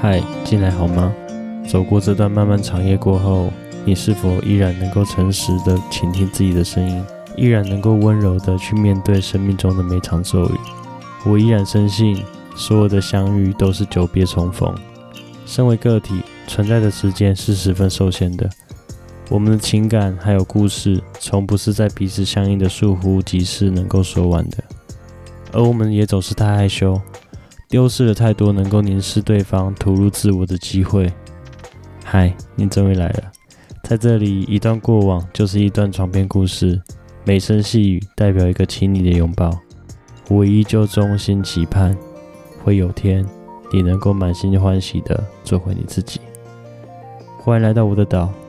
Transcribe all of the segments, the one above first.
嗨，Hi, 近來好嗎？走過這段漫漫長夜過後，你是否依然能夠誠實地傾聽自己的聲音？依然能夠溫柔地去面對生命中的每場驟雨？我依然深信，所有的相遇都是久別重逢。身為個體，存在的時間是十分受限的。我們的情感還有故事，從不是在彼此相遇的倏忽即逝能夠說完的，而我們也總是太害羞，丟失了太多能夠凝視對方、吐露自我的機會。嗨，你終於來了，在這裡，一段過往就是一段床邊故事，每聲細語代表一個親暱的擁抱。我依舊衷心期盼，會有天你能夠滿心歡喜的做回你自己。歡迎來到我的島。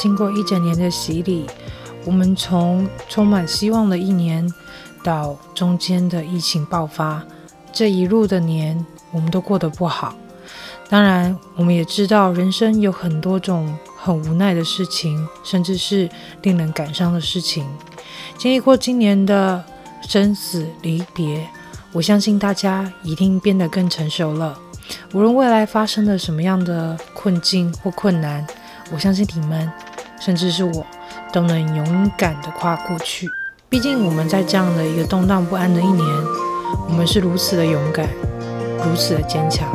經過一整年的洗禮，我們從充滿希望的一年到中間的疫情爆發，這一路的年我們都過得不好。當然，我們也知道人生有很多種很無奈的事情，甚至是令人感傷的事情。經歷過今年的生死離別，我相信大家一定變得更成熟了。無論未來發生了什麼樣的困境或困難，我相信你們。甚至是我都能勇敢的跨過去。畢竟我們在這樣的一個動盪不安的一年，我們是如此的勇敢，如此的堅強。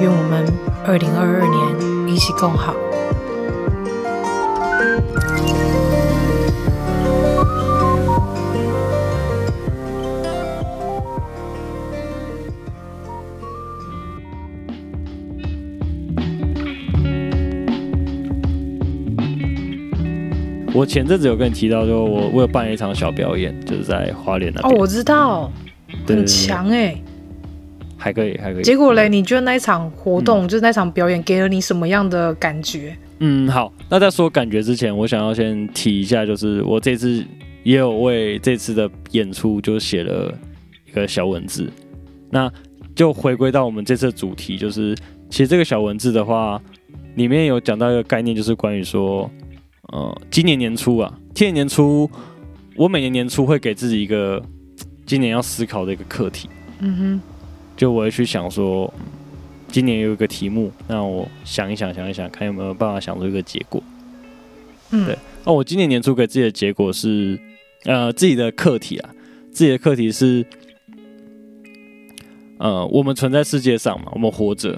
願我們二零二二年一起更好。我前陣子有跟你提到，就我我有辦了一場小表演，就是在花蓮那邊。哦，我知道，嗯、對很強哎。欸，還可以，還可以。結果嘞，你覺得那一場活動，嗯、就是那場表演，給了你什麼樣的感覺？嗯，好，那在說感覺之前，我想要先提一下，就是我這次也有為這次的演出就寫了一個小文字。那就回歸到我們這次的主題，就是其實這個小文字的話，裡面有講到一個概念，就是關於說。呃，今年年初啊，今年年初，我每年年初會給自己一個今年要思考的一個課題。嗯哼，就我會去想說，今年有一個題目，讓我想一想，想一想，看有沒有辦法想出一個結果。嗯，對。那，哦，我今年年初給自己的結果是，呃，自己的課題啊，自己的課題是，呃，我們存在世界上嘛，我們活着，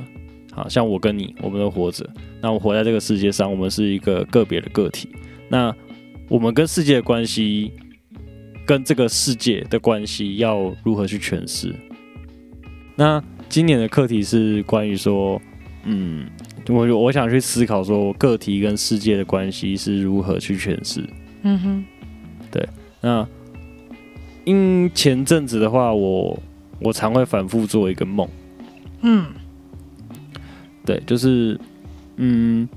好像我跟你，我們都活着。那，我活在這個世界上，我們是一個個別的個體。那我們跟世界的關係，跟這個世界的關係要如何去詮釋？那今年的課題是關於說，嗯，我我想去思考說，個體跟世界的關係是如何去詮釋？嗯哼，對。那因前陣子的話我，我我常會反覆做一個夢。嗯，對，就是。嗯，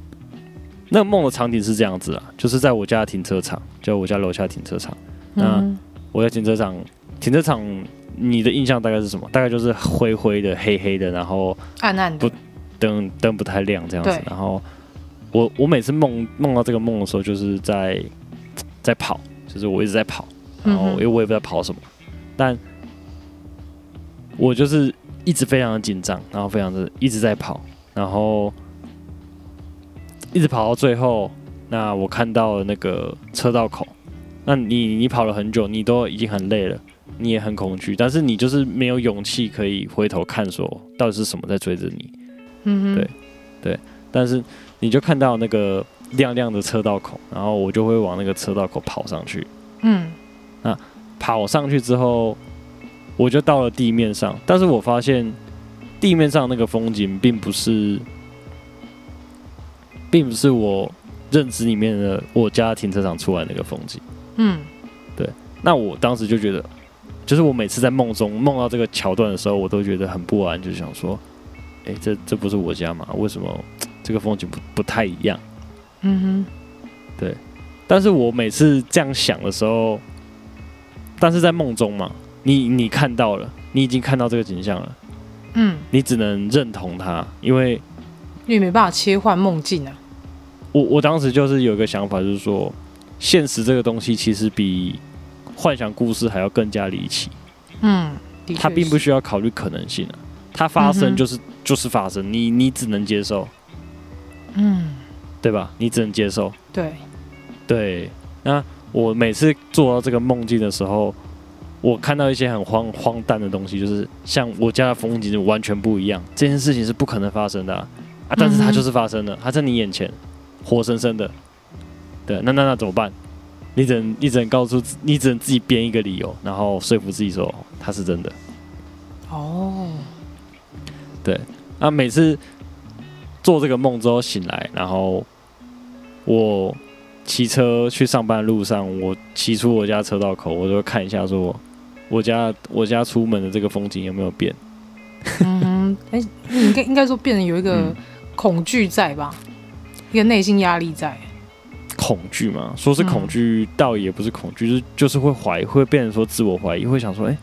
那個夢的場景是這樣子啊，就是在我家停車場，就我家樓下停車場。嗯、哼那我在停車場，停車場，你的印象大概是什麼？大概就是灰灰的、黑黑的，然後暗暗的，不燈燈不太亮這樣子。暗暗然後我我每次夢夢到這個夢的時候，就是在在跑，就是我一直在跑，然後因為我也不知道跑什麼，嗯、哼但我就是一直非常的緊張，然後非常的一直在跑，然後。一直跑到最後，那我看到了那個車道口。那你你跑了很久，你都已經很累了，你也很恐懼，但是你就是沒有勇氣可以回頭看，說到底是什麼在追着你。嗯哼，對，對。但是你就看到那個亮亮的車道口，然後我就會往那個車道口跑上去。嗯，那跑上去之後，我就到了地面上，但是我發現地面上那個風景並不是。並不是我認知裡面的我家的停車場出來那個風景，嗯，對。那我當時就覺得，就是我每次在夢中夢到這個橋段的時候，我都覺得很不安，就想說，哎、欸，這這不是我家嘛？為什麼這個風景不不太一樣？嗯哼，對。但是我每次這樣想的時候，但是在夢中嘛，你你看到了，你已經看到這個景象了，嗯，你只能認同它，因為因為沒辦法切換夢境啊。我我當時就是有一個想法，就是說，現實這個東西其實比幻想故事還要更加離奇。嗯，它並不需要考慮可能性，啊，它發生就是就是發生，你你只能接受。嗯，對吧？你只能接受。對對，那我每次做到這個夢境的時候，我看到一些很荒荒誕的東西，就是像我家的風景就完全不一樣，這件事情是不可能發生的啊，啊！但是它就是發生了，它在你眼前。活生生的，對，那那那怎麼辦？你只能你只能告訴你只能自己編一個理由，然後說服自己說他是真的。哦，對，那、啊、每次做這個夢之後醒來，然後我騎車去上班路上，我騎出我家車道口，我就會看一下說我家我家出門的這個風景有沒有變？嗯，哎，你應該應該說變得有一個恐懼在吧？嗯一個內心壓力在，恐懼嘛？說是恐懼，倒、嗯、也不是恐懼，是就是會懷，會變成說自我懷疑，會想說，哎、欸，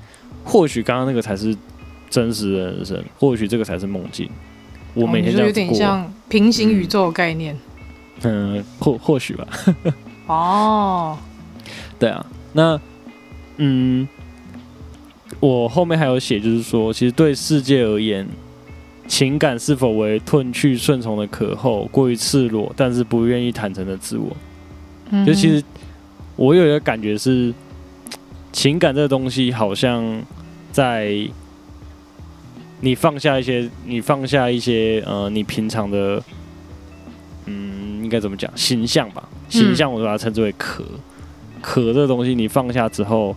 或許剛剛那個才是真實人生，或許這個才是夢境。我每天在過、哦、有點像平行宇宙的概念嗯。嗯，或或許吧。 哦，對啊，那嗯，我後面還有寫，就是說，其實對世界而言。情感是否為褪去順從的殼後過於赤裸，但是不願意坦誠的自我？嗯，就其實我有一個感覺是，情感這個東西好像在你放下一些，你放下一些，呃，你平常的，嗯，應該怎麼講？形象吧，形象，我把它稱之為殼。殼、嗯、這個東西，你放下之後，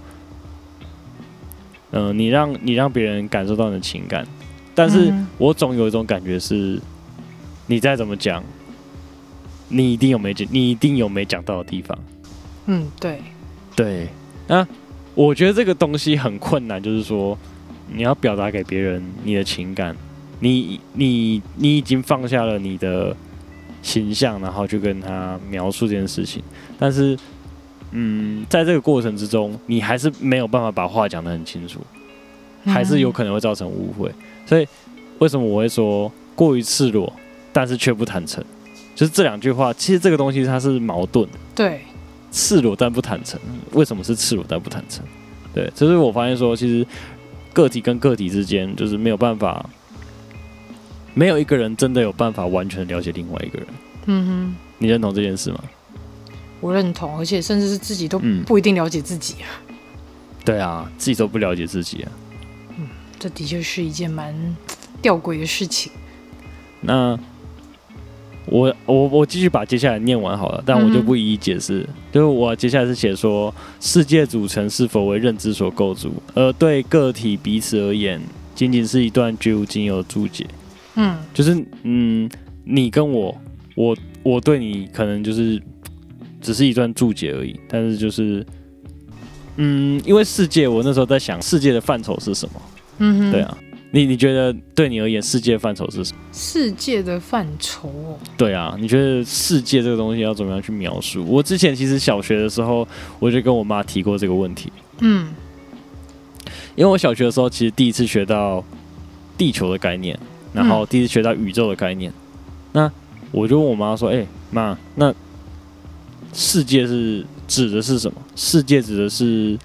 嗯、呃，你讓你讓別人感受到你的情感。但是我總有一種感覺是，你再怎麼講，你一定有沒講，你一定有沒講到的地方。嗯，對，對。那我覺得這個東西很困難，就是說你要表達給別人你的情感，你你你已經放下了你的形象，然後去跟他描述這件事情，但是，嗯，在這個過程之中，你還是沒有辦法把話講得很清楚，還是有可能會造成誤會。所以，為什麼我會說過於赤裸，但是卻不坦誠？就是這兩句話，其實這個東西它是矛盾的。對，赤裸但不坦誠，為什麼是赤裸但不坦誠？對，所以我發現說，其實個體跟個體之間，就是沒有辦法，沒有一個人真的有辦法完全了解另外一個人。嗯哼，你認同這件事嗎？我認同，而且甚至是自己都不一定了解自己啊。嗯。對啊，自己都不了解自己啊。這的確是一件蠻吊詭的事情。那我我我繼續把接下來念完好了，但我就不一一解釋。嗯、哼就是我接下來是寫說，世界組成是否為認知所構築，而對個體彼此而言，僅僅是一段絕無僅有的注解。嗯，就是嗯，你跟我，我我對你，可能就是只是一段注解而已。但是就是嗯，因為世界，我那時候在想，世界的範疇是什麼？嗯哼，對啊，你你覺得對你而言，世界範疇是什麼？世界的範疇哦，對啊，你覺得世界這個東西要怎麼樣去描述？我之前其實小學的時候，我就跟我媽提過這個問題。嗯，因為我小學的時候，其實第一次學到地球的概念，然後第一次學到宇宙的概念，嗯、那我就問我媽說：“哎、欸，媽，那世界是指的是什麼？世界指的是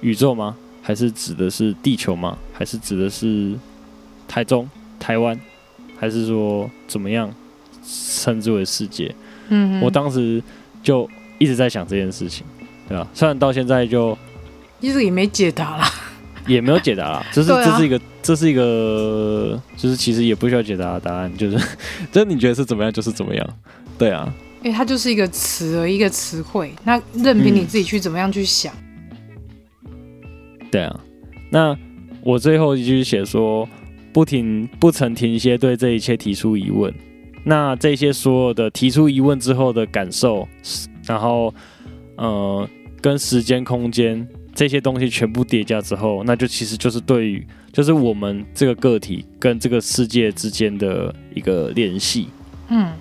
宇宙嗎？”還是指的是地球嗎？還是指的是台中、台灣？還是說怎麼樣稱之為世界？嗯哼，我當時就一直在想這件事情，對吧、啊？雖然到現在就一直也沒解答啦，也沒有解答啦，就是這是一個，啊、這是一個，就是其實也不需要解答的答案，就是，就是你覺得是怎麼樣，就是怎麼樣，對啊，因為它就是一個詞，而一個詞彙，那任憑你自己去怎麼樣去想。嗯對啊，那我最後一句寫說不停，不曾停歇，對這一切提出疑問。那這些所有的提出疑問之後的感受，然後，嗯、呃，跟時間、空間這些東西全部疊加之後，那就其實就是對於，就是我們這個個體跟這個世界之間的一個聯繫。嗯，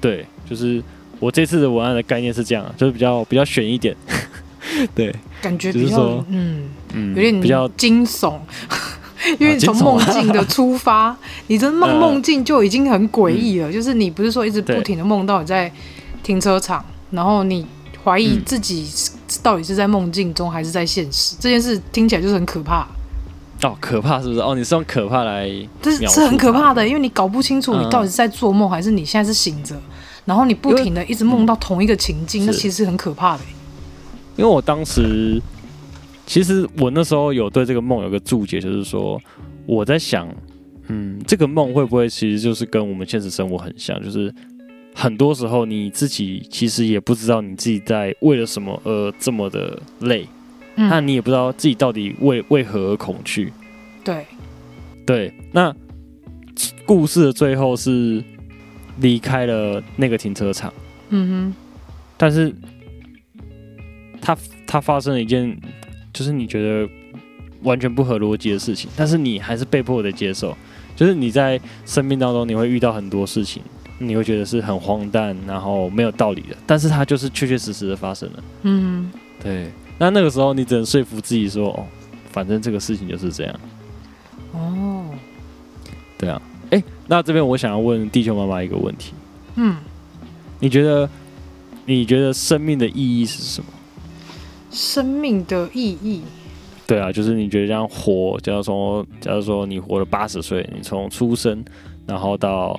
對，就是我這次的文案的概念是這樣，就是比較比較懸一點。 對，感覺比較就是說，嗯。有點比較驚、嗯、悚，因為從夢境的出發，啊啊、你這夢夢境就已經很詭異了、嗯。嗯、就是你不是說一直不停的夢到你在停車場，嗯、然後你懷疑自己到底是在夢境中還是在現實。嗯、這件事聽起來就是很可怕。哦，可怕是不是？哦，你是用可怕來，這是很可怕的，因為你搞不清楚你到底是在做夢、嗯、還是你現在是醒着，然後你不停的一直夢到同一個情境，嗯、那其實很可怕的、欸。因為我當時。其實我那時候有對這個夢有個注解，就是說我在想，嗯，這個夢會不會其實就是跟我們現實生活很像？就是很多時候你自己其實也不知道你自己在為了什麼而這麼的累，那、嗯啊、你也不知道自己到底為為何而恐懼。對，對。那故事的最後是離開了那個停車場。嗯哼。但是，他他發生了一件。就是你覺得完全不合邏輯的事情，但是你還是被迫的接受。就是你在生命當中，你會遇到很多事情，你會覺得是很荒誕，然後沒有道理的，但是它就是確確實實的發生了。嗯哼，對。那那個時候，你只能說服自己說，哦，反正這個事情就是這樣。哦，對啊。欸，那這邊我想要問地球媽媽一個問題。嗯，你覺得，你覺得生命的意義是什麼？生命的意義，對啊，就是你覺得這樣活，假如說，假如說你活了八十歲，你從出生然後到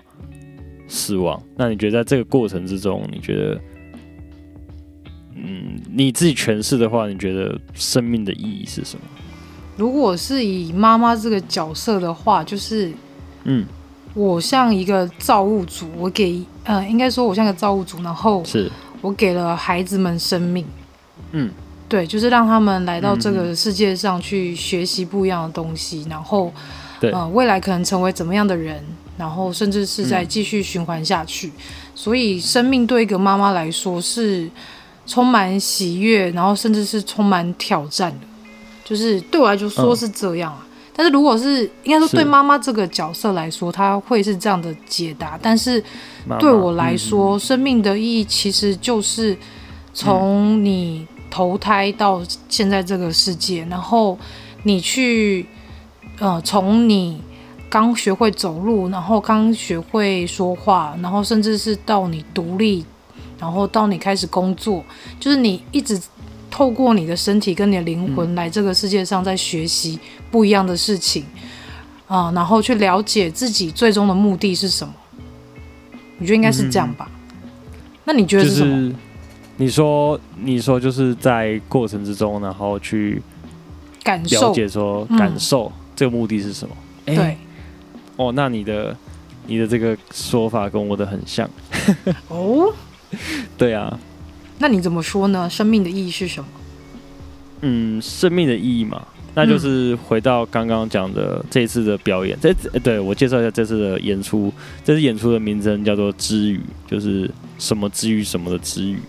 死亡，那你覺得在這個過程之中，你覺得，嗯，你自己詮釋的話，你覺得生命的意義是什麼？如果是以媽媽這個角色的話，就是，嗯，我像一個造物主，我給，呃，應該說，我像個造物主，然後是，我給了孩子們生命，嗯。對，就是讓他們來到這個世界上去學習不一樣的東西，嗯、哼然後，對呃，未來可能成為怎麼樣的人，然後甚至是再繼續循環下去。嗯、所以，生命對一個媽媽來說是充滿喜悅，然後甚至是充滿挑戰的。就是對我來說，說是這樣啊。嗯、但是，如果是應該說對媽媽這個角色來說，她會是這樣的解答。是但是，對我來說，媽媽嗯、生命的意義其實就是從你。投胎到現在這個世界，然後你去，呃，從你剛學會走路，然後剛學會說話，然後甚至是到你獨立，然後到你開始工作，就是你一直透過你的身體跟你的靈魂來這個世界上，在學習不一樣的事情啊、嗯呃，然後去了解自己最終的目的是什麼？你覺得應該是這樣吧？嗯、那你覺得是什麼？就是你說，你說就是在過程之中，然後去感受、了解，說感受、嗯、這個目的是什麼？對，哦，那你的你的這個說法跟我的很像。 哦，對啊，那你怎麼說呢？生命的意義是什麼？嗯，生命的意義嘛，那就是回到剛剛講的這一次的表演。嗯、這次對我介紹一下這次的演出，這次演出的名稱叫做「織雨」，就是什麼織雨什麼的織雨。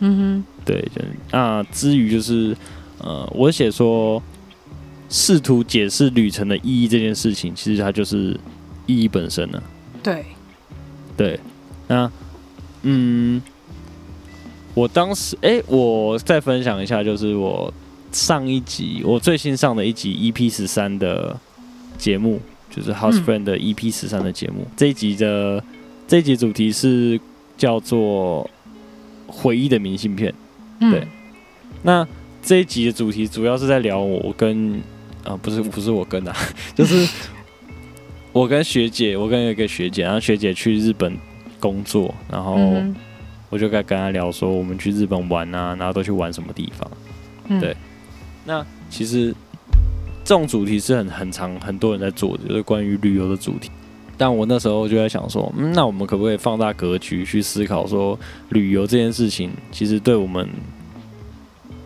嗯哼，對，就那至於就是，呃，我寫說試圖解釋旅程的意義這件事情，其實它就是意義本身呢、啊，對，對，那嗯，我當時，哎、欸，我再分享一下，就是我上一集，我最新上的一集 EP 十三的節目，就是 House Friend 的 EP 十三的節目。嗯、這一集的，這一集主題是叫做。回憶的明信片，對。嗯、那這一集的主題主要是在聊我跟，跟，啊不是不是我跟啊， 就是我跟學姐，我跟一個學姐，然後學姐去日本工作，然後我就該跟她聊說我們去日本玩啊，然後都去玩什麼地方。嗯、對。那其實這種主題是很很常，很多人在做的，就是關於旅遊的主題。但我那時候就在想說，嗯，那我們可不可以放大格局去思考說，說旅遊這件事情，其實對我們，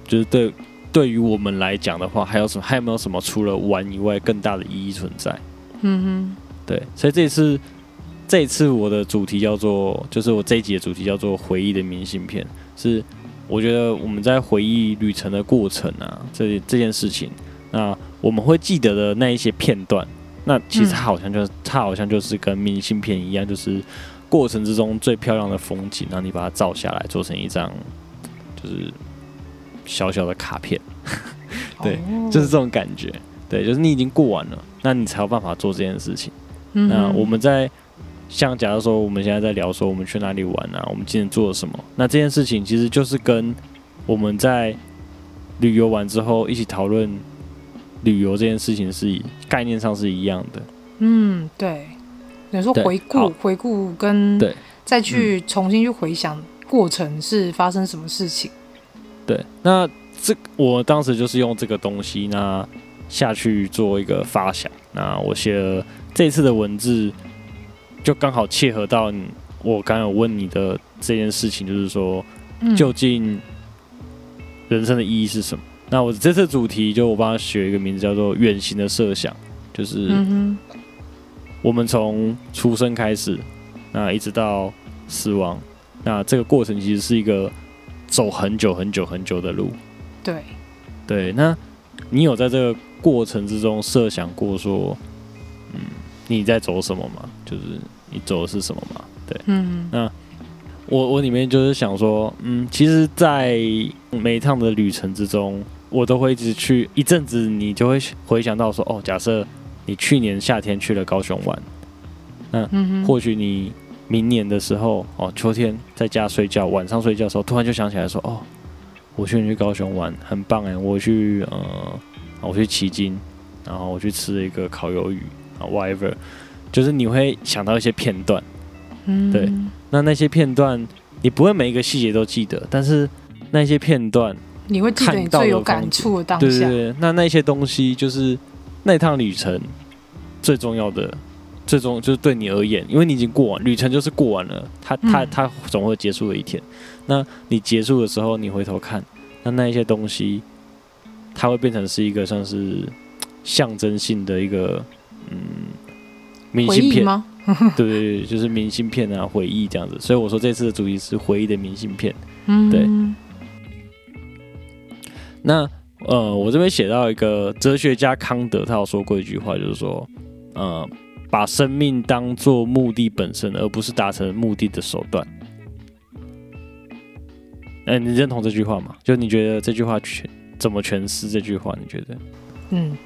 就是對對於我們來講的話，還有什麼，還有沒有什麼除了玩以外更大的意義存在？嗯哼，對，所以這次，這次我的主題叫做，就是我這一集的主題叫做《回憶的明信片》，是我覺得我們在回憶旅程的過程啊，這這件事情，那我們會記得的那一些片段。那其實它好像就是，嗯、它好像就是跟明信片一樣，就是過程之中最漂亮的風景，然後你把它照下來，做成一張就是小小的卡片， 對，哦、就是這種感覺，對，就是你已經過完了，那你才有辦法做這件事情。嗯、哼那我們在像，假如說我們現在在聊說我們去哪裡玩啊，我們今天做了什麼，那這件事情其實就是跟我們在旅遊完之後一起討論旅遊這件事情是以概念上是一樣的，嗯，對，等於說回顧回顧跟對，跟再去重新去回想過程是發生什麼事情，對，那這我當時就是用這個東西，那下去做一個發想，那我寫了這次的文字，就剛好切合到你我剛有問你的這件事情，就是說，嗯，究竟人生的意義是什麼？那我這次主題就我幫他取一個名字，叫做“遠行的設想”，就是我們從出生開始，那一直到死亡，那這個過程其實是一個走很久很久很久的路。對，對。那你有在這個過程之中設想過說，嗯，你在走什麼嗎？就是你走的是什麼嗎？對，嗯。那我我裡面就是想說，嗯，其實，在每一趟的旅程之中。我都會一直去一陣子，你就會回想到說，哦，假設你去年夏天去了高雄玩，嗯，或許你明年的時候，哦，秋天在家睡覺，晚上睡覺的時候，突然就想起來說，哦，我去年去高雄玩，很棒哎，我去，嗯、呃，我去旗津，然後我去吃了一個烤魷魚，whatever，啊就是你會想到一些片段，嗯，對，那那些片段你不會每一個細節都記得，但是那些片段。你會看到最有感觸的當下，對對對，那那些東西就是那趟旅程最重要的，最重要就是對你而言，因為你已經過完旅程，就是過完了，它它它總會結束的一天。嗯、那你結束的時候，你回頭看，那那一些東西，它會變成是一個像是象徵性的一個嗯明信片憶嗎？ 對對，就是明信片啊，回憶這樣子。所以我說這次的主題是回憶的明信片，嗯，對。那呃、嗯，我這邊寫到一個哲學家康德，他有說過一句話，就是說，呃、嗯，把生命當做目的本身，而不是達成目的的手段。哎、欸，你認同這句話嗎？就你覺得這句話全怎麼詮釋這句話？你覺得？嗯，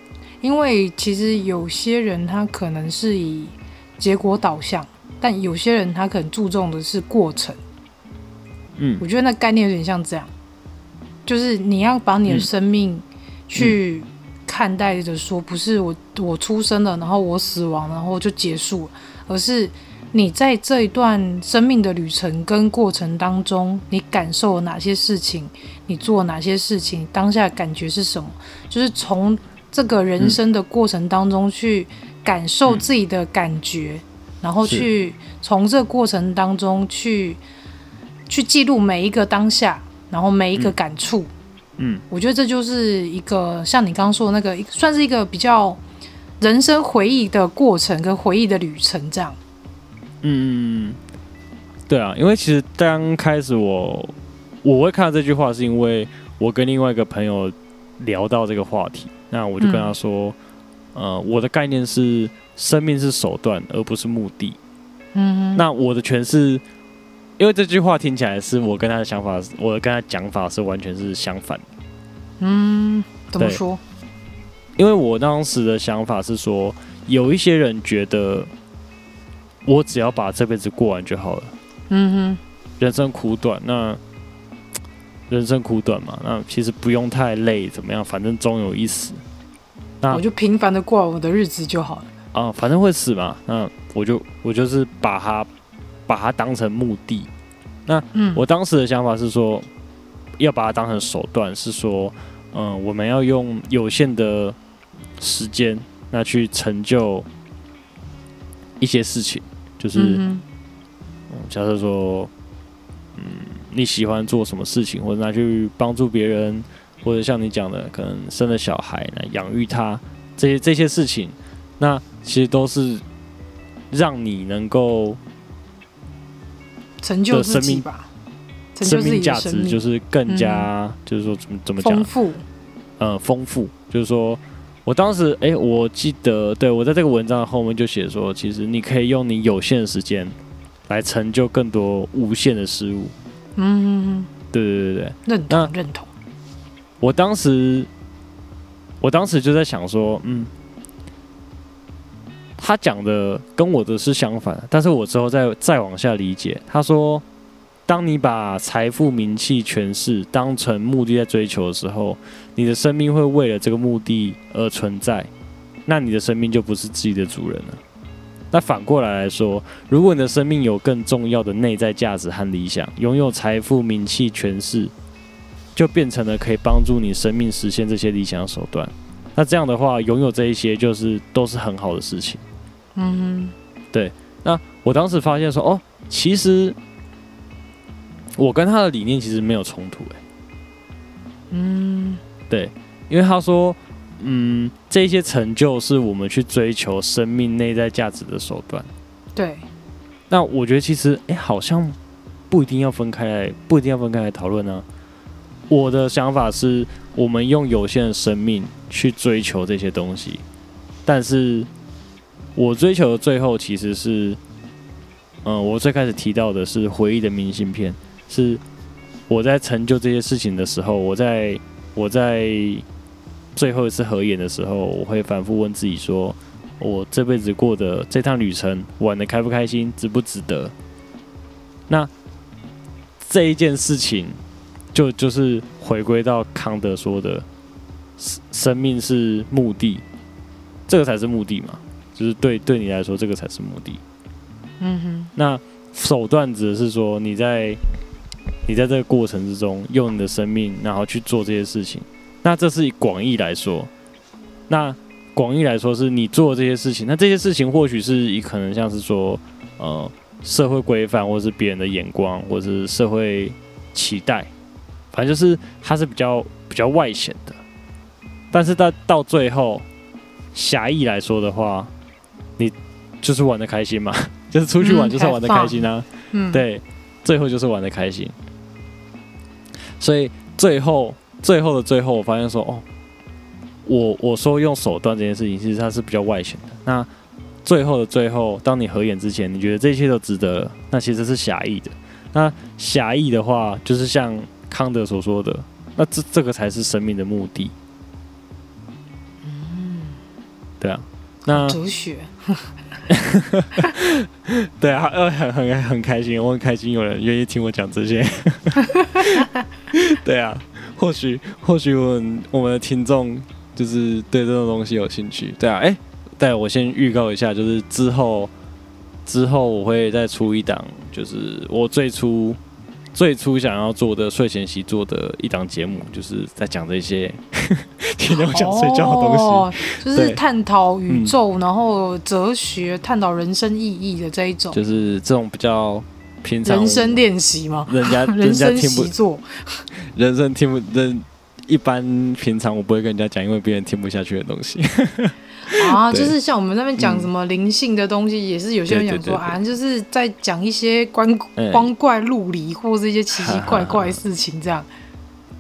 因為其實有些人他可能是以結果導向，但有些人他可能注重的是過程。嗯，我覺得那概念有點像這樣。就是你要把你的生命去看待着，說、嗯嗯、不是我我出生了，然後我死亡，然後就結束，而是你在這一段生命的旅程跟過程當中，你感受了哪些事情，你做了哪些事情，當下感覺是什麼？就是從這個人生的過程當中去感受自己的感覺，嗯嗯、然後去從這過程當中去是去記錄每一個當下。然後每一個感觸嗯，嗯，我覺得這就是一個像你剛剛說的那個，算是一個比較人生回憶的過程跟回憶的旅程，這樣。嗯，對啊，因為其實剛開始我我會看到這句話，是因為我跟另外一個朋友聊到這個話題，那我就跟他說，嗯、呃，我的概念是生命是手段而不是目的。嗯哼，那我的詮釋。因為這句話聽起來是我跟他的想法，我跟他講法是完全是相反的。嗯，怎麼說？因為我當時的想法是說，有一些人覺得我只要把這輩子過完就好了。嗯哼，人生苦短，那人生苦短嘛，那其實不用太累，怎麼樣？反正終有一死，那我就平凡的過我的日子就好了。啊，嗯，反正會死嘛，那我就我就是把它把它當成目的。那，我當時的想法是說，要把它當成手段，是說，嗯，我們要用有限的時間，那去成就一些事情，就是，嗯哼，假設說，嗯，你喜歡做什麼事情，或者拿去幫助別人，或者像你講的，可能生了小孩養育他，這些這些事情，那其實都是讓你能夠。成就自己吧，對，生命，成就自己的生命，生命價值就是更加，嗯、哼就是說怎麼怎麼講？豐富。嗯，豐富，就是說，我當時哎、欸，我記得，對，我在這個文章後面就寫說，其實你可以用你有限的時間來成就更多無限的事物。嗯哼哼。對對對對，認同認同。那，認同。我當時，我當時就在想說，嗯。他講的跟我的是相反，但是我之後再再往下理解。他說，當你把財富、名氣、權勢當成目的在追求的時候，你的生命會為了這個目的而存在，那你的生命就不是自己的主人了。那反過來來說，如果你的生命有更重要的內在價值和理想，擁有財富、名氣、權勢，就變成了可以幫助你生命實現這些理想手段。那這樣的話，擁有這一些就是都是很好的事情。嗯哼，對。那我當時發現說，哦，其實我跟他的理念其實沒有衝突哎。嗯，對，因為他說，嗯，這些成就是我們去追求生命內在價值的手段。對。那我覺得其實，哎，好像不一定要分開來，不一定要分開來討論呢。我的想法是，我們用有限的生命去追求這些東西，但是。我追求的最後其實是，嗯，我最開始提到的是回憶的明信片，是我在成就這些事情的時候，我在我在最後一次合眼的時候，我會反復問自己說，我這輩子過的這趟旅程，玩得開不開心，值不值得？那這一件事情就，就就是回歸到康德說的，生生命是目的，這個才是目的嘛。就是對對你來說，這個才是目的。嗯哼，那手段指的是說，你在你在這個過程之中，用你的生命，然後去做這些事情。那這是以廣義來說，那廣義來說是你做這些事情。那這些事情或許是以可能像是說，呃，社會規範，或者是別人的眼光，或者是社會期待，反正就是它是比較比較外顯的。但是到到最後，狹義來說的話。你就是玩的開心嘛，就是出去玩就是玩的開心啊，okay, 對，棒最後就是玩的開心。嗯、所以最後最後的最後，我發現說哦，我我說用手段這件事情，其實它是比較外顯的。那最後的最後，當你合眼之前，你覺得這一切都值得，那其實是狹義的。那狹義的話，就是像康德所說的，那這這個才是生命的目的。嗯、對啊。那主學 對啊，呃，很很很開心，我很開心有人願意聽我講這些。 對啊，或許或許我們我們的聽眾就是對這種東西有興趣。對啊，哎、欸，對，我先預告一下，就是之後之後我會再出一檔，就是我最初。最初想要做的睡前習作的一檔節目，就是在講這些聽到我想睡覺的東西，oh, 對就是探討宇宙，嗯、然後哲學探討人生意義的這一種，就是這種比較平常人生練習嘛，人家 人生習作，人生聽不人一般平常我不會跟人家講，因為別人聽不下去的東西。呵呵啊，就是像我們那邊講什麼靈性的東西，對也是有些人講說對對對對啊，就是在講一些光光怪陸離、欸、或者一些奇奇怪怪的事情這樣。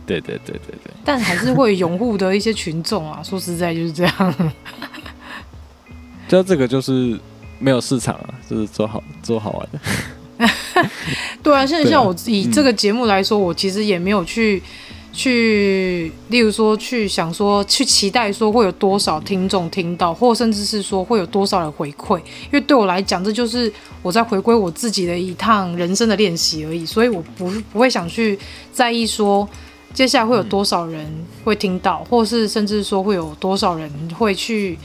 對對對對對。但還是會擁護的一些群眾啊， 說實在就是這樣。就這個就是沒有市場啊，就是做好做好玩的。 對啊，現在像我以這個節目來說，啊嗯、我其實也沒有去。去，例如說，去想說，去期待說會有多少聽眾聽到，或甚至是說會有多少人回饋。因為對我來講，這就是我在回歸我自己的一趟人生的練習而已。所以我不不會想去在意說接下來會有多少人會聽到，嗯、或是甚至說會有多少人會去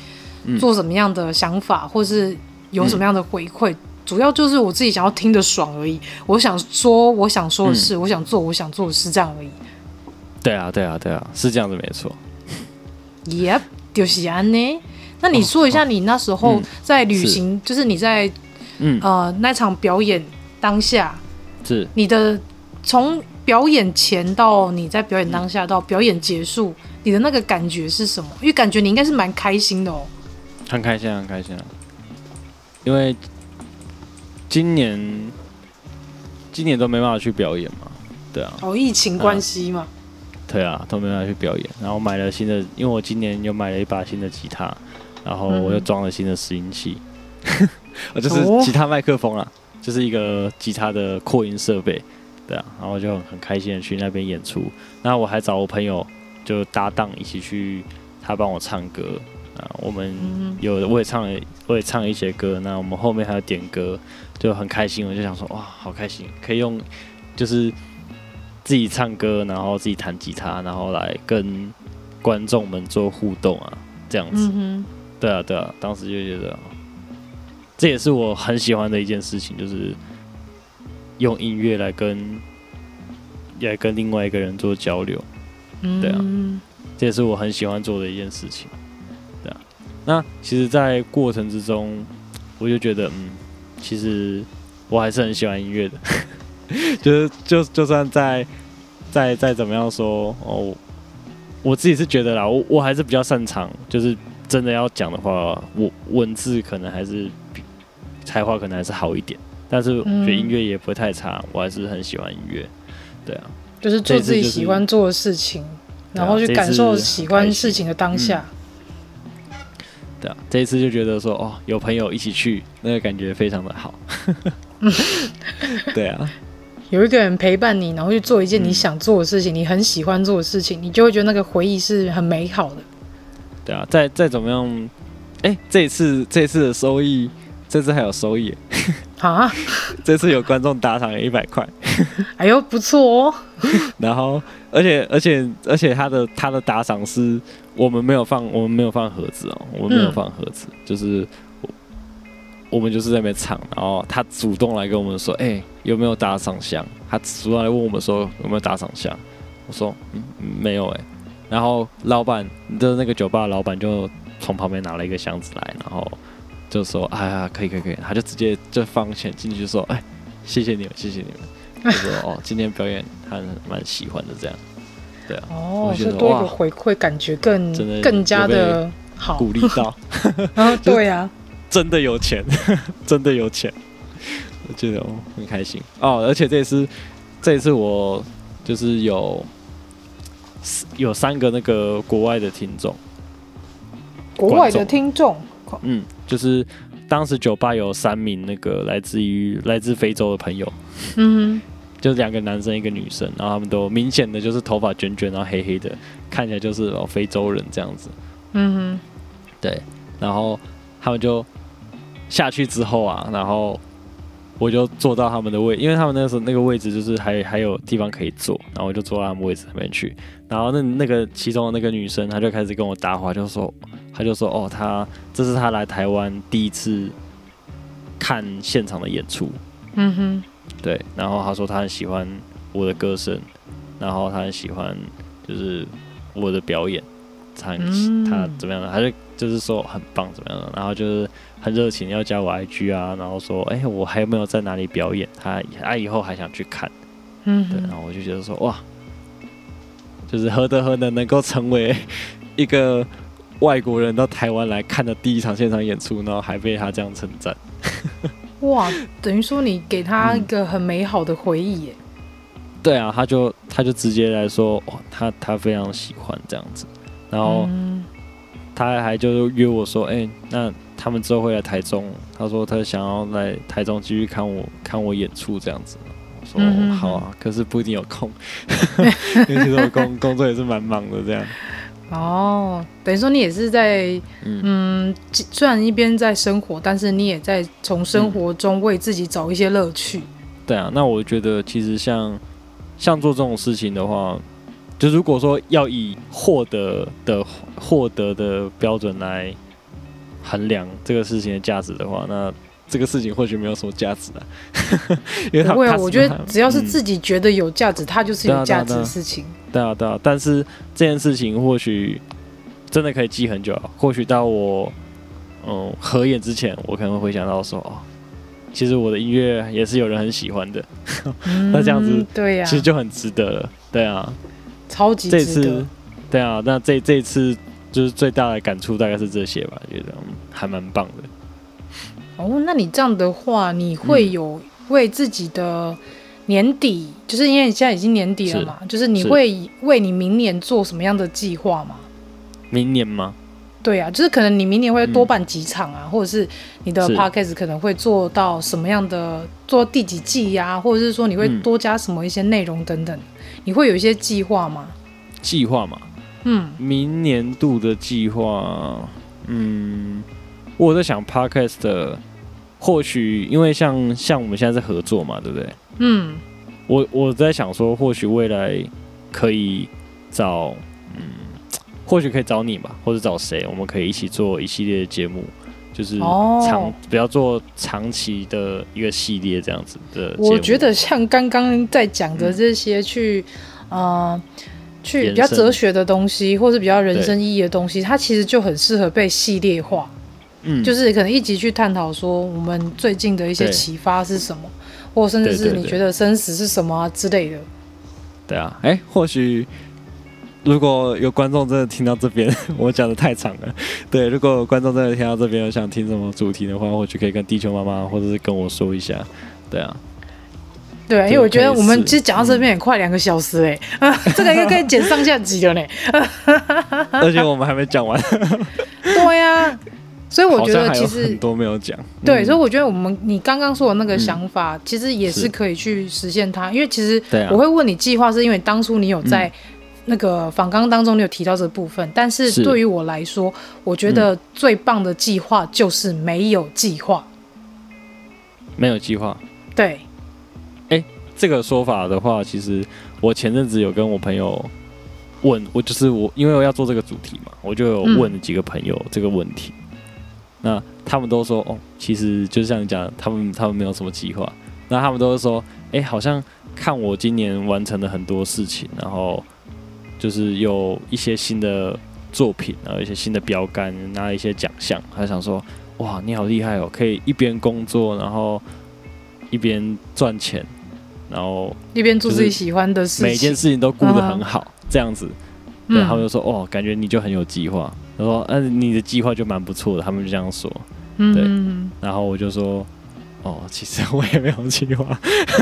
做什麼樣的想法，嗯、或是有什麼樣的回饋。嗯、主要就是我自己想要聽得爽而已。我想說我想說的事，嗯、我想做我想做的事這樣而已。對啊，對啊，對啊，是這樣子沒錯。耶，Yep, 就是安呢。那你說一下，你那時候在旅行，哦哦嗯、是就是你在嗯呃那場表演當下，是你的從表演前到你在表演當下到表演結束，嗯、你的那個感覺是什麼？因為感覺你應該是蠻開心的哦。很開心、啊，很開心啊！因為今年今年都沒辦法去表演嘛，對啊，哦，疫情關係嘛。嗯對啊，都沒有去表演。然後買了新的，因為我今年又買了一把新的吉他，然後我又裝了新的拾音器，嗯嗯呵呵，就是吉他麥克風啊，就是一個吉他的擴音設備。對啊，然後就很開心的去那邊演出。那我還找我朋友就搭檔一起去，他幫我唱歌啊。我們有我也唱了，我也唱了一些歌。那我們後面還有點歌，就很開心。我就想說，哇，好開心，可以用，就是。自己唱歌，然後自己彈吉他，然後來跟觀眾們做互動啊，這樣子。嗯哼。對啊，對啊，當時就覺得，這也是我很喜歡的一件事情，就是用音樂來跟來跟另外一個人做交流。嗯、對啊，這也是我很喜歡做的一件事情。對啊，那其實，在過程之中，我就覺得，嗯，其實我還是很喜歡音樂的。 就是就就算在再再再怎麼樣說哦我，我自己是覺得啦，我我還是比較擅長，就是真的要講的話，我文字可能還是才華可能還是好一點，但是我覺得音樂也不會太差，嗯、我還是很喜歡音樂。對啊，就是做自己喜歡做的事情，啊、然後去感受喜歡、啊、事情的當下，嗯。對啊，這一次就覺得說哦，有朋友一起去，那個感覺非常的好。 對啊。有一個人陪伴你，然後去做一件你想做的事情，嗯、你很喜歡做的事情，你就會覺得那個回憶是很美好的。對啊，再再怎麼樣，哎、欸，這次這次的收益，這次還有收益啊！ 這次有觀眾打賞了一百塊， 哎呦，不錯哦。 然後，而且而且而且，而且他的他的打賞是我們沒有放，我們沒有放盒子哦，我們沒有放盒子，嗯、就是。我們就是在那邊唱，然後他主動來跟我們說：“哎、欸，有沒有打賞箱？”他主動來問我們說：“有沒有打賞箱？”我說：“嗯，沒有哎、欸。”然後老板，的那個酒吧老板，就從旁邊拿了一個箱子來，然後就說：“哎呀，可以可以可以。可以”他就直接就放錢進去，說：“哎、欸，謝謝你們，謝謝你們。”他說：“哦， 今天表演他蠻喜歡的，這樣。對”對啊，哦，就多一個回饋，哇感覺更更加的好，鼓勵到。 然後對呀、啊。 就是真的有錢呵呵，真的有錢，我覺得很開心哦。而且這一次，這一次我就是有有三個那個國外的聽眾，國外的聽眾，眾嗯，就是當時酒吧有三名那個來自於來自非洲的朋友，嗯哼，就是兩個男生一個女生，然後他們都明顯的就是頭髮捲捲，然後黑黑的，看起來就是哦非洲人這樣子，嗯哼對，然後他們就。下去之後啊，然後我就坐到他們的位，因為他們那時候那個位置就是還還有地方可以坐，然後我就坐到他們位置上面去。然後那那個其中的那個女生，她就開始跟我搭話，就說她就說，她就說哦，她這是她來台灣第一次看現場的演出，嗯哼，對。然後她說她很喜歡我的歌聲，然後她很喜歡就是我的表演，她很她怎麼樣的，她就就是說很棒怎麼樣的，然後就是。很熱情，要加我 IG 啊，然後說：“哎、欸，我還有沒有在哪裡表演？他他以後還想去看。嗯哼”嗯，對，然後我就覺得說：“哇，就是何德何能，能夠成為一個外國人到台灣來看的第一場現場演出，然後還被他這樣稱讚。 ”哇，等於說你給他一個很美好的回憶耶。嗯、對啊，他就他就直接來說：“哇，他他非常喜歡這樣子。”然後、嗯、他還就約我說：“哎、欸，那。”他們之後會來台中，他說他想要來台中繼續看我看我演出這樣子，我說、嗯、哼好啊，可是不一定有空， 因為其實我工工作也是蠻忙的這樣。哦，等於說你也是在嗯，嗯雖然一邊在生活，但是你也在從生活中為自己找一些樂趣、嗯。對啊，那我覺得其實像像做這種事情的話，就如果說要以獲得的獲得的標準來。衡量這個事情的價值的話，那這個事情或許沒有什麼價值的、啊，因為 down, 不會。我覺得只要是自己覺得有價值，嗯、它就是有價值的事情對、啊對啊對啊。對啊，對啊。但是這件事情或許真的可以記很久，或許到我嗯合眼之前，我可能會回想到說，哦，其實我的音樂也是有人很喜歡的，呵呵嗯、那這樣子，對呀，其實就很值得了。對啊，超級值得這次，對啊，那這這次。就是最大的感觸大概是這些吧，覺得還蠻棒的。哦，那你這樣的話，你會有為自己的年底，嗯、就是因為你現在已經年底了嘛，是就是你會為你明年做什麼樣的計劃嗎？明年嗎？對啊，就是可能你明年會多辦幾場啊，嗯、或者是你的 podcast 可能會做到什麼樣的，是做第幾季呀、啊，或者是說你會多加什麼一些內容等等，嗯、你會有一些計劃嗎？計劃嗎？嗯，明年度的計劃，嗯，我在想，Podcast 的，或許因為像像我們現在在合作嘛，對不對？嗯，我我在想說，或許未來可以找，嗯，或許可以找你嘛，或者找誰，我們可以一起做一系列的節目，就是長，不要、哦、做長期的一個系列這樣子的節目。我覺得像剛剛在講的這些，去，啊、嗯。呃去比較哲學的東西，或是比較人生意義的東西，對它其實就很適合被系列化。嗯，就是可能一集去探討說我們最近的一些啟發是什麼，對或甚至是你覺得生死是什麼、啊、之類的。對，對，對，對啊，哎、欸，或許如果有觀眾真的聽到這邊，我講得太長了。對，如果有觀眾真的聽到這邊有想聽什麼主題的話，或許可以跟地球媽媽或者是跟我說一下。對啊。對，因為我覺得我們其實講到這邊也快兩個小時誒，嗯、這個應該可以剪上下集了呢？ 而且我們還沒講完。 對呀、啊、所以我覺得其實多沒有講。嗯、對，所以我覺得我們你剛剛說的那個想法，嗯、其實也是可以去實現它，是因為其實我會問你計劃，是因為當初你有在、嗯、那個訪綱當中你有提到這部分，是但是對於我來說，我覺得最棒的計劃就是沒有計劃，嗯、沒有計劃，對。這個說法的話，其實我前陣子有跟我朋友問我，就是我因為我要做這個主題嘛，我就有問幾個朋友這個問題。嗯、那他們都說：“哦，其實就像你講，他們他們沒有什麼計劃。”那他們都說：“誒，好像看我今年完成了很多事情，然後就是有一些新的作品，然後一些新的標杆，拿了一些獎項，還想說：‘哇，你好厲害哦，可以一邊工作，然後一邊賺錢。’”然後一邊做自己喜歡的事，每件事情都顧得很好，這樣子，然後他們就說，哦，感覺你就很有計劃。他說，嗯、呃，你的計劃就蠻不錯的，他們就這樣說。嗯，然後我就說，哦，其實我也沒有計劃，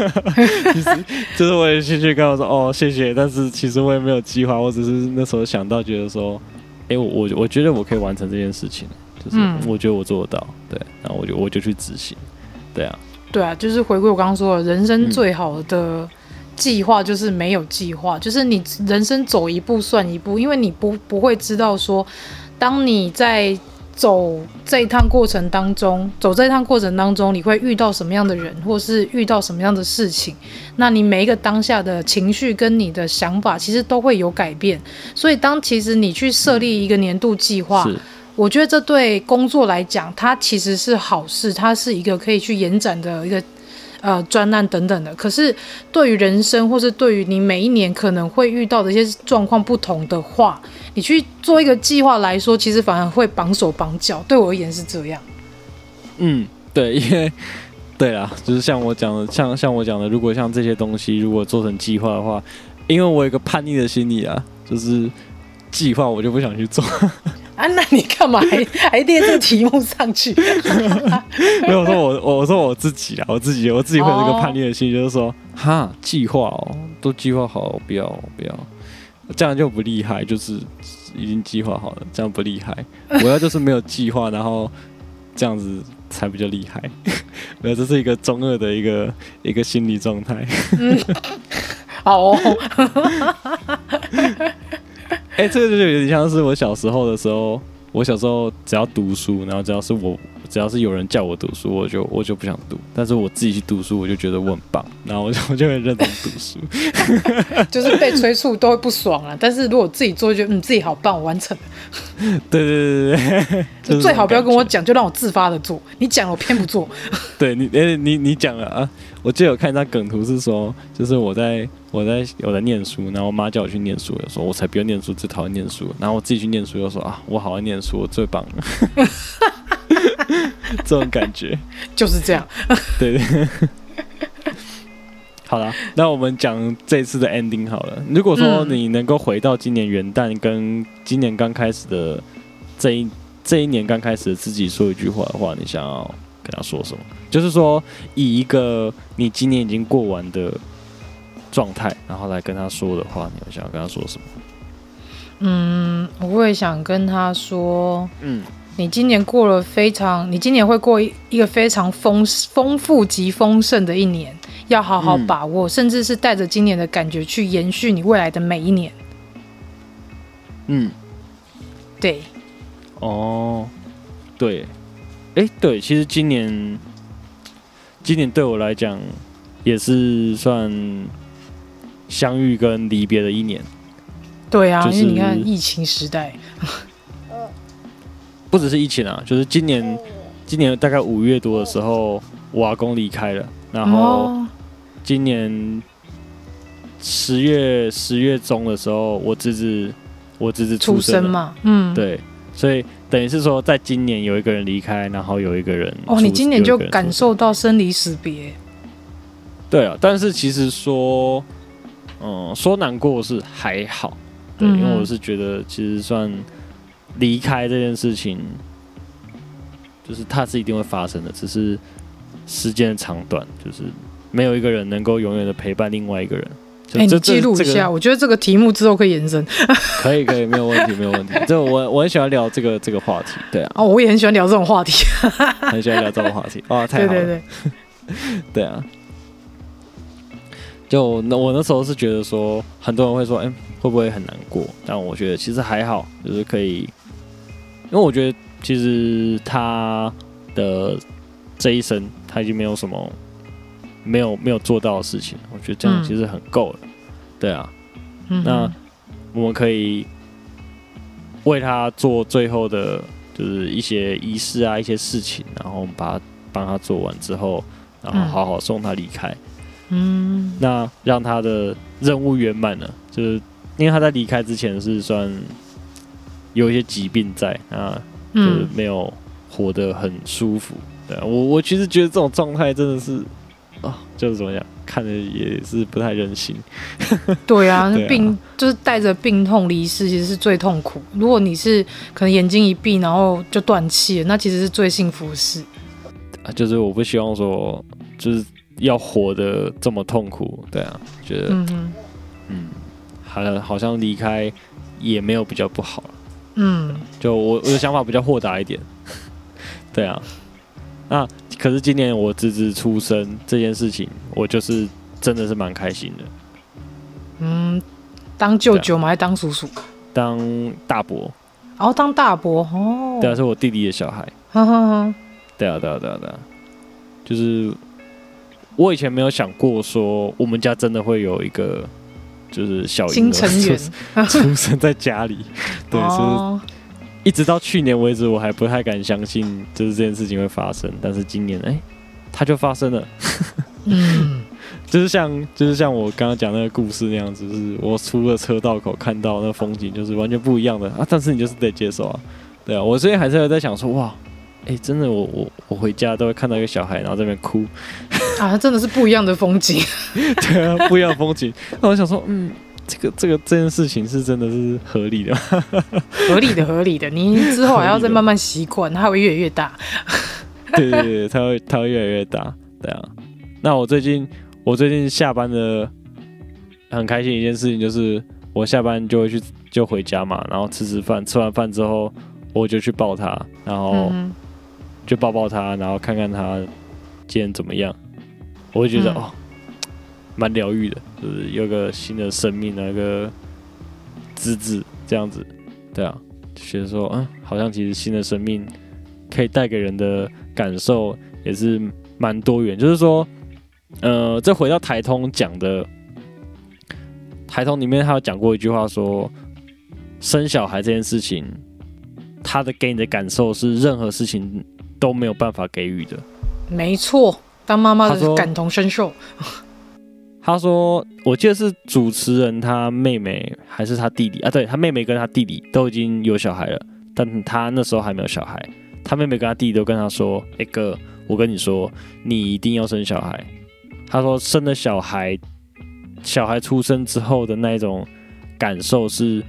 其實就是我也興趣跟我說，哦，謝謝。但是其實我也沒有計劃，我只是那時候想到，覺得說，哎、欸，我我我覺得我可以完成這件事情，就是我覺得我做得到。對，然後我就我就去執行，對啊。對啊，就是回歸我剛剛說的，人生最好的計劃就是沒有計劃。嗯、就是你人生走一步算一步，因為你不不會知道說，當你在走這一趟過程當中，走這一趟過程當中，你會遇到什麼樣的人，或是遇到什麼樣的事情，那你每一個當下的情緒跟你的想法，其實都會有改變，所以當其實你去設立一個年度計劃。嗯我覺得這對工作來講，它其實是好事，它是一個可以去延展的一個，呃，專案等等的。可是對於人生，或是對於你每一年可能會遇到的一些狀況不同的話，你去做一個計劃來說，其實反而會綁手綁腳。對我而言是這樣。嗯，對，因為對啊，就是像我講的，像像我講的，如果像這些東西，如果做成計劃的話，因為我有一個叛逆的心理啊，就是計劃我就不想去做。 啊，那你幹嘛還 還列這個題目上去啊？ 沒有，我說我，我說我自己啦，我自己，我自己會有這個叛逆的心，就是說，Oh. 哈，計劃哦，都計劃好，不要，不要，這樣就不厲害，就是已經計劃好了，這樣不厲害，我要就是沒有計劃， 然後這樣子才比較厲害。沒有，這是一個中二的一個一個心理狀態 ，嗯。好，哦。 誒、欸，這個就有點像是我小時候的時候，我小時候只要讀書，然後只要是我，只要是有人叫我讀書，我就我就不想讀。但是我自己去讀書，我就覺得我很棒，然後我就我就會認真讀書。 就是被催促都會不爽啊，但是如果我自己做，就覺得嗯自己好棒，我完成。對 對對對對。就 最好不要跟我講，就讓我自發的做。你講我偏不做。對你誒，你、欸、你講了啊，我記得有看一張梗圖是說，就是我在。我在我在念書，然後我媽叫我去念書，的時候，我才不要念書，最討厭念書。然後我自己去念書，又說啊，我好愛念書，我最棒了。 這種感覺就是這樣。 對，對，對，好了，那我們講這一次的 ending 好了。如果說你能夠回到今年元旦跟今年剛開始的這一這一年剛開始的自己說一句話的話，你想要跟他說什麼？就是說，以一個你今年已經過完的。狀態，然後來跟他說的話，你想要跟他說什麼？嗯，我會想跟他說，嗯，你今年過了非常，你今年會過一一個非常豐豐富及豐盛的一年，要好好把握，嗯、甚至是帶着今年的感覺去延續你未來的每一年。嗯，對，哦，oh, 對，哎、欸，對，其實今年，今年對我來講也是算。相遇跟離別的一年，對啊，就是因為你看疫情時代， 不只是疫情啊，就是今年，今年大概五月多的時候，我阿公離開了，然後今年十月十月中的時候，我侄子我侄子出，出生嘛，嗯，對，所以等於是說，在今年有一個人離開，然後有一個人哦，你今年就感受到生離死別，對啊，但是其實說。嗯，說難過是還好，對，嗯、因為我是覺得其實算離開這件事情，就是它是一定會發生的，只是時間的長短，就是沒有一個人能夠永遠的陪伴另外一個人。哎，欸、就你記錄一下，這個、我覺得這個題目之後可以延伸。可以，可以，沒有問題，沒有問題。這 我我很喜歡聊這個這個話題，對啊。哦，我也很喜歡聊這種話題， 很喜歡聊這種話題。哦，太好了，對對對， 對啊。就那我那時候是覺得說，很多人會說，嗯、欸，會不會很難過？但我覺得其實還好，就是可以，因為我覺得其實他的這一生他已經沒有什麼沒有沒有做到的事情，我覺得這樣其實很夠了。嗯、對啊，嗯、哼那我們可以為他做最後的，就是一些儀式啊，一些事情，然後我們把他幫他做完之後，然後好好送他離開。嗯嗯，那讓他的任務圓滿了，就是因為他在離開之前是算有一些疾病在啊，就是沒有活得很舒服。嗯、對啊，我我其實覺得這種狀態真的是啊，就是怎麼講，看着也是不太任性。對啊， 對啊，那病就是帶着病痛離世，其實是最痛苦。如果你是可能眼睛一閉然後就斷氣，那其實是最幸福的事。啊，就是我不希望說就是。要活得這麼痛苦，對啊，覺得，嗯哼，嗯，好像好像離開也沒有比較不好，嗯、啊，就我我的想法比較豁達一點，對啊，那、啊、可是今年我侄子出生這件事情，我就是真的是蠻開心的，嗯，當舅舅嘛，還是當叔叔、啊，當大伯，然後、哦、當大伯哦，對啊，是我弟弟的小孩呵呵呵對、啊，對啊，對啊，對啊，對啊，就是。我以前沒有想過說，我們家真的會有一個就是小嬰兒、新成員出生在家裡。 對，就是一直到去年為止，我還不太敢相信，就是這件事情會發生。但是今年，誒、欸，它就發生了。 嗯就，就是像就是像我剛剛講那個故事那樣子，就是我出了車道口看到那風景，就是完全不一樣的啊。但是你就是得接受啊。對啊，我最近還是在想說，哇。哎、欸，真的，我我我回家都會看到一個小孩，然後在那邊哭，啊，真的是不一樣的風景， 對啊，不一樣的風景。那我想說，嗯、這個，這個這個這件事情是真的是合理的，合理的合理的。你之後還要再慢慢習慣，他會越來越大，對對對，他會他會越來越大，對啊。那我最近我最近下班的很開心一件事情就是，我下班就會去就回家嘛，然後吃吃飯，吃完飯之後我就去抱他，然後、嗯。就抱抱他，然後看看他今天怎麼樣，我會覺得、嗯、哦，蠻療癒的，就是有個新的生命，那個資質這樣子，對啊，就覺得說，嗯，好像其實新的生命可以帶給人的感受也是蠻多元。就是說，呃，再回到台通講的台通裡面，他有講過一句話說，說生小孩這件事情，他的給你的感受是任何事情，都沒有辦法給予的，沒錯。當媽媽的感同身受。他說：“我記得是主持人他妹妹還是他弟弟啊？對他妹妹跟他弟弟都已經有小孩了，但他那時候還沒有小孩。他妹妹跟他弟弟都跟他說、欸：‘哎哥，我跟你說，你一定要生小孩。’他說：‘生了小孩，小孩出生之後的那種感受是。’”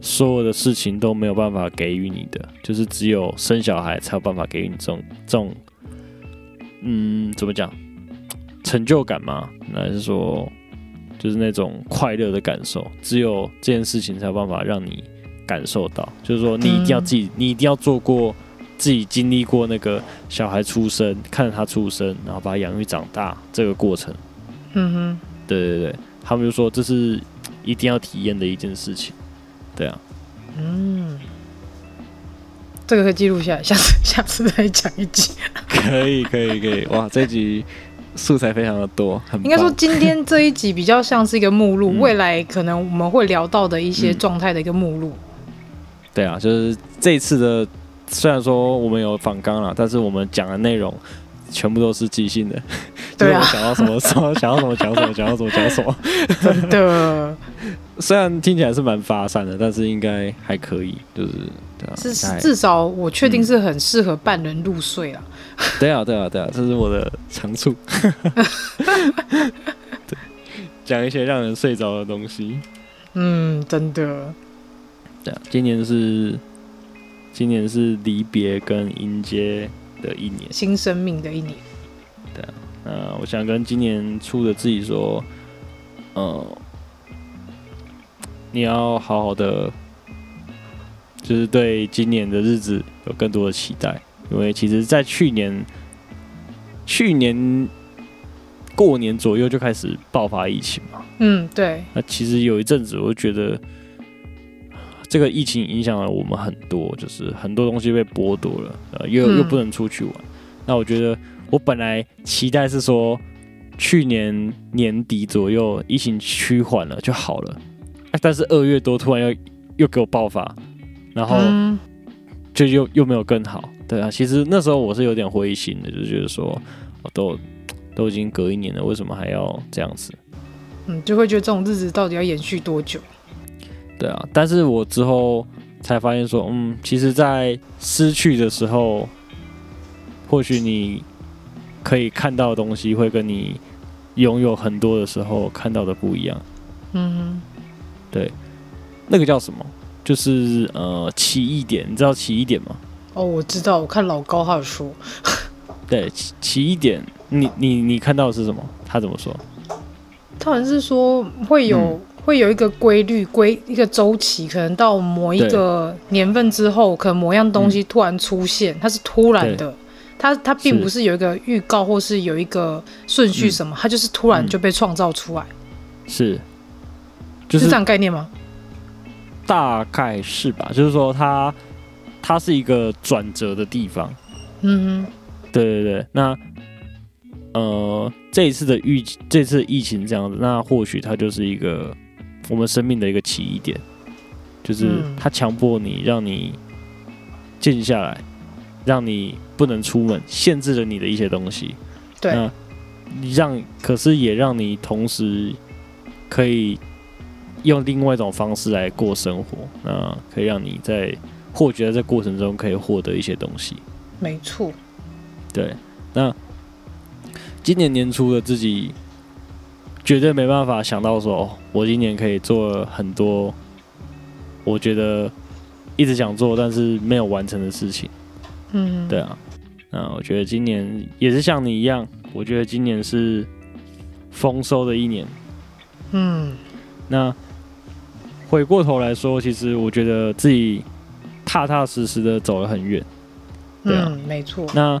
所有的事情都沒有辦法給予你的，就是只有生小孩才有辦法給予你這種這種，嗯，怎麼講，成就感嘛？還是說，就是那種快樂的感受，只有這件事情才有辦法讓你感受到。就是說，你一定要自己，嗯、你一定要做過，自己經歷過那個小孩出生，看着他出生，然後把他養育長大這個過程。嗯哼，對對對，他們就說這是一定要體驗的一件事情。對啊，嗯，這個可以記錄下來，下次下次再講一集。可以可以可以，哇， 這集素材非常的多，很棒。應該說今天這一集比較像是一個目錄，嗯、未來可能我們會聊到的一些狀態的一個目錄。嗯、對啊，就是這一次的，雖然說我們有訪綱了，但是我們講的內容全部都是即興的， 對啊，想要什麼說，想要什麼講什麼，想要什麼講什麼，什麼什麼什麼 真的。雖然聽起來是蠻發散的，但是應該還可以，就是，、啊、是至少我確定是很適合伴人入睡啦、嗯、啊。對啊，對啊，對啊，這是我的長處， 對，講一些讓人睡着的東西。嗯，真的。對啊，今年是今年是離別跟迎接的一年，新生命的一年。對啊，我想跟今年初的自己說，嗯、呃。你要好好的，就是對今年的日子有更多的期待，因為其實在去年，去年過年左右就開始爆發疫情嘛。嗯，對。那其實有一陣子，我就覺得這個疫情影響了我們很多，就是很多東西被剝奪了，呃，又又不能出去玩。嗯。那我覺得我本來期待是說，去年年底左右疫情趨緩了就好了。但是二月多突然又又給我爆發，然後就又、嗯、又沒有更好。對啊，其實那時候我是有點灰心的，就是覺得說，都都已經隔一年了，為什麼還要這樣子？嗯，就會覺得這種日子到底要延續多久？對啊，但是我之後才發現說，嗯，其實在失去的時候，或許你可以看到的東西，會跟你擁有很多的時候看到的不一樣。嗯哼。對，那個叫什麼？就是呃，奇異點，你知道奇異點嗎？哦，我知道，我看老高他有說。 對，奇奇異點，你你你看到的是什麼？他怎麼說？他好像是說會有、嗯、會有一個規律，規一個周期，可能到某一個年份之後，對可能某樣東西突然出現，嗯、它是突然的，對它它並不是有一個預告或是有一個順序什麼，嗯、它就是突然就被創造出來。嗯、是。就是就這樣概念嗎？大概是吧。就是說它，它它是一個轉折的地方。嗯哼，對對對。那呃，這一次的疫，這次疫情這樣子，那或許它就是一個我們生命的一個起義點。就是它強迫你，嗯、讓你靜下來，讓你不能出門，限制了你的一些東西。對那，讓，可是也讓你同時可以。用另外一種方式來過生活，那可以讓你在獲取的這過程中可以獲得一些東西。沒錯。對，那今年年初的自己，絕對沒辦法想到說，我今年可以做很多，我覺得一直想做但是沒有完成的事情。嗯，對啊。那我覺得今年也是像你一樣，我覺得今年是豐收的一年。嗯，那。回過頭來說，其實我覺得自己踏踏實實的走了很遠，對啊、嗯、沒錯。那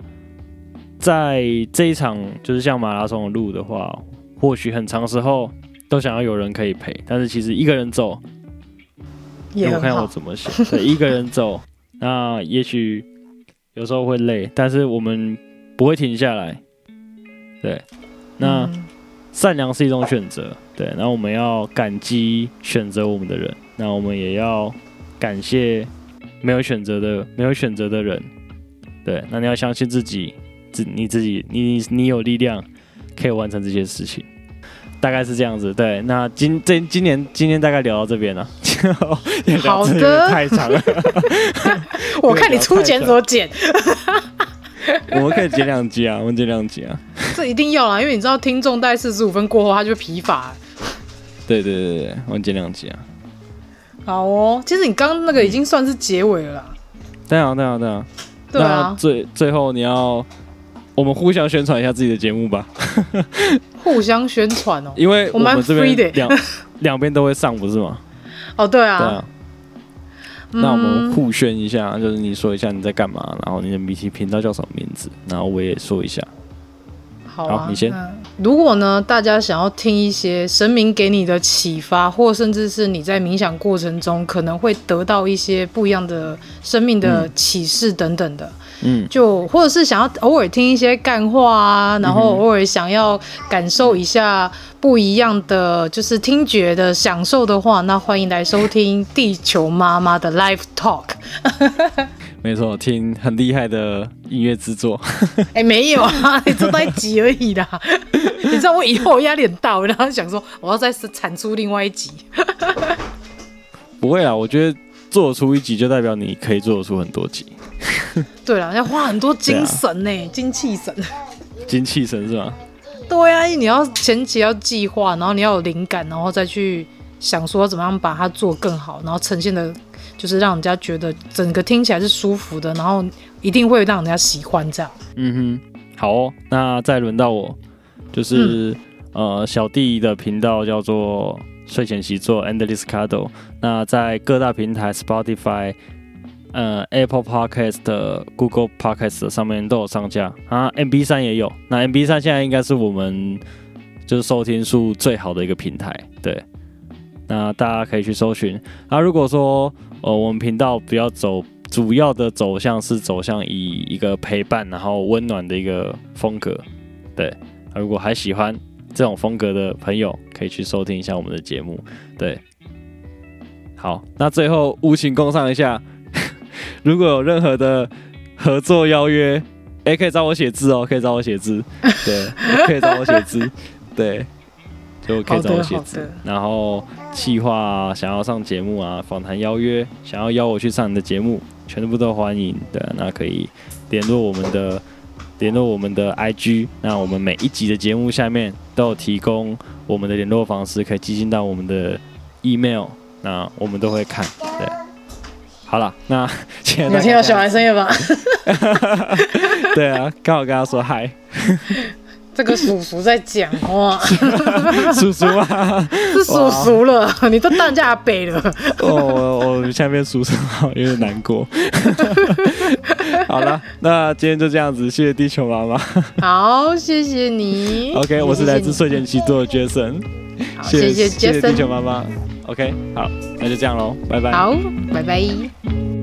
在這一場就是像馬拉松的路的話，或許很長時候都想要有人可以陪，但是其實一個人走，欸、我看我怎麼寫，對，一個人走， 那也許有時候會累，但是我們不會停下來，對，那。嗯善良是一種選擇，對。那我們要感激選擇我們的人，那我們也要感謝沒有選擇的、沒有選擇的人，對。那你要相信自己，自你自己，你你有力量可以完成這些事情，大概是這樣子。對，那今這今年今天大概聊到這邊了、啊，好的，太長了，我看你初剪，怎麼剪？ 我們可以剪兩集啊，我們剪兩集啊，這一定要啦，因為你知道聽眾大概四十五分過後他就疲乏、欸。對對對對，我們剪兩集啊。好哦，其實你剛剛那個已經算是結尾了、嗯。對啊對啊對，對啊。那啊。最最後你要我們互相宣傳一下自己的節目吧。 互相宣傳哦。因為我們這邊兩兩邊都會上，不是嗎？哦，oh, 對啊。對那我們互宣一下，嗯、就是你說一下你在幹嘛，然後你的 B T 頻道叫什麼名字，然後我也說一下。好，啊、好，你先。如果呢，大家想要聽一些神明給你的啟發，或甚至是你在冥想過程中可能會得到一些不一樣的生命的啟示等等的。嗯嗯，就或者是想要偶爾聽一些幹話啊，然後偶爾想要感受一下不一樣的就是聽覺的享受的話，那歡迎來收聽地球媽媽的 Live Talk。 沒錯，聽很厲害的音樂製作。哎、 欸，沒有啊，你做到一集而已啦。 你知道我以後壓力很大，我然後想說我要再產出另外一集。 不會啊，我覺得做得出一集就代表你可以做得出很多集。 對了，要花很多精神呢！啊、精氣神。 精氣神是嗎？對啊，你要前期要計劃，然後你要有靈感，然後再去想說怎麼樣把它做更好，然後呈現的，就是讓人家覺得整個聽起來是舒服的，然後一定會讓人家喜歡這樣。嗯哼，好哦，那再輪到我，就是、嗯、呃小弟的頻道叫做睡前習作 Endless Cuddle，那在各大平台 Spotify。呃、嗯，Apple Podcast、Google Podcast 上面都有上架啊。MB 三也有，那 MB 三現在應該是我們就是收聽數最好的一個平台。對，那大家可以去搜尋。啊。如果說呃，我們頻道比較走主要的走向是走向以一個陪伴然後溫暖的一個風格。對，啊、如果還喜歡這種風格的朋友，可以去收聽一下我們的節目。對，好，那最後無情工商一下。如果有任何的合作邀約，哎，可以找我寫字哦，可以找我寫字，對， 可以找我寫字，對，就可以找我寫字。然後企劃啊，想要上節目啊，訪談邀約想要邀我去上你的節目，全部都歡迎。對，那可以聯絡我們的聯絡我們的 IG，那我們每一集的節目下面都有提供我們的聯絡方式，可以寄信到我們的 email，那我們都會看。對。好了，那有聽到小孩聲音嗎？ 對啊，剛好跟他說嗨。 這個叔叔在講話、 啊，叔叔啊，是叔叔了，哇你都當家北了。 哦，我我下面叔叔好有點難過。 好了，那、啊、今天就這樣子，謝謝地球媽媽。好，謝謝你。OK，謝謝你，我是來自睡前習作的杰森，好謝謝杰森，謝謝謝謝地球媽媽。OK，好，那就這樣嘍，拜拜。好，拜拜。